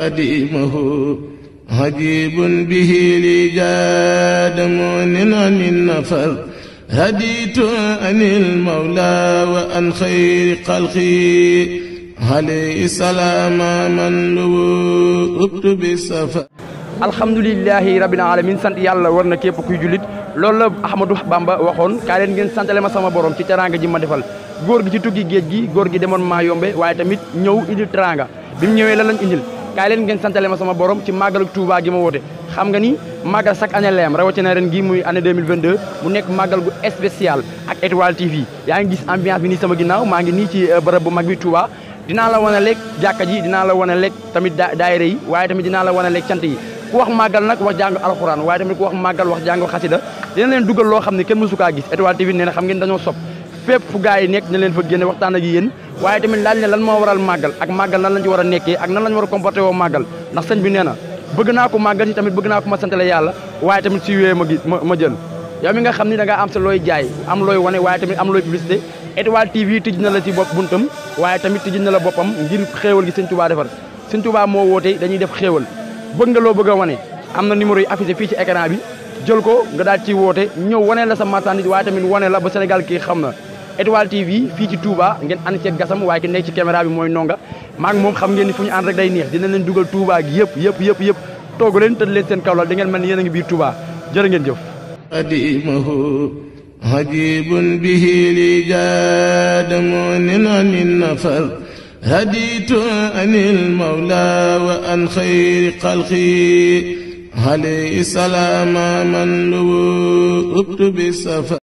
قديمه عجيب به لي جاد مؤمن عن النفر هديت عن المولى وأن خير خلقي عليه السلام من لوبت بالسفر الحمد لله رب العالمين sant yàlla war na képp kuy jullit loolu la Ahmadou Bamba waxoon kaa leen santale ma sama borom ci teraanga ji ma defal góor gi ci tukki géej gi góor gi demoon maa yombe waaye tamit ñëw indil teraanga bi mu ñëwee lan indil kaay leen ngeen santale ma sama borom ci màggalu Touba gi ma woote xam nga ni màggal chaque année la am rawatina ren gi muy année 2022 mu nekk màggal gu spécial ak Étoile TV yaa ngi gis ambiance bi ni sama ginnaaw maa ngi nii ci euh, barab bu mag bi Touba dinaa la wan lekk jàkka ji dinaa la wan a lekk tamit daayira yi waaye tamit dinaa la wan a lekk cant yi ku wax màggal nag wax jàng alxuraan waaye tamit ku wax màggal wax jàng xasida dina leen loo xam ne kenn mësu kaa gis Étoile xam ngeen dañoo sopp fépp fu gars yi nekk dina leen fa génne waxtaan ak yéen waaye tamit laaj ne lan moo waral màggal ak màggal nan lañ ci war a nekkee ak nan lañ war a comporté woo màggal ndax sëñ bi nee na bëgg naa ko màggal si tamit bëgg naa ko ma santale yàlla waaye tamit si wéyee ma gi ma ma jël yow mi nga xam ni da ngaa am sa looy jaay am looy wane waaye tamit am looy publicité Étoile TV tijj na la ci bopp buntam waaye tamit tijj na la boppam ngir xéewal gi sëñ Touba defar sëñ Touba moo woote dañuy def xéewal bëgg nga loo bëgg a wane am na numéro yi affiché fii ci écran bi jël ko nga daal ci woote ñëw wane la sa marchandise waaye tamit wane la ba Sénégal kii xam na Étoile TV fii ci Touba ngeen ànd ceeg gasam waaye ki nekk ci caméra bi mooy nonga maa ngi moom xam ngeen ni fu ñu ànd rek day neex dina leen dugal Touba gi yëpp yëpp yëpp yëpp toogu leen tëdd leen seen kawlal da ngeen mel a ngi biir Touba jërë ngeen jëf qadimahu ajibun bihi li jaadamu nin anin nafar haditu anil mawla wa an xayri xalqi alayhi salaama man lubu bi safar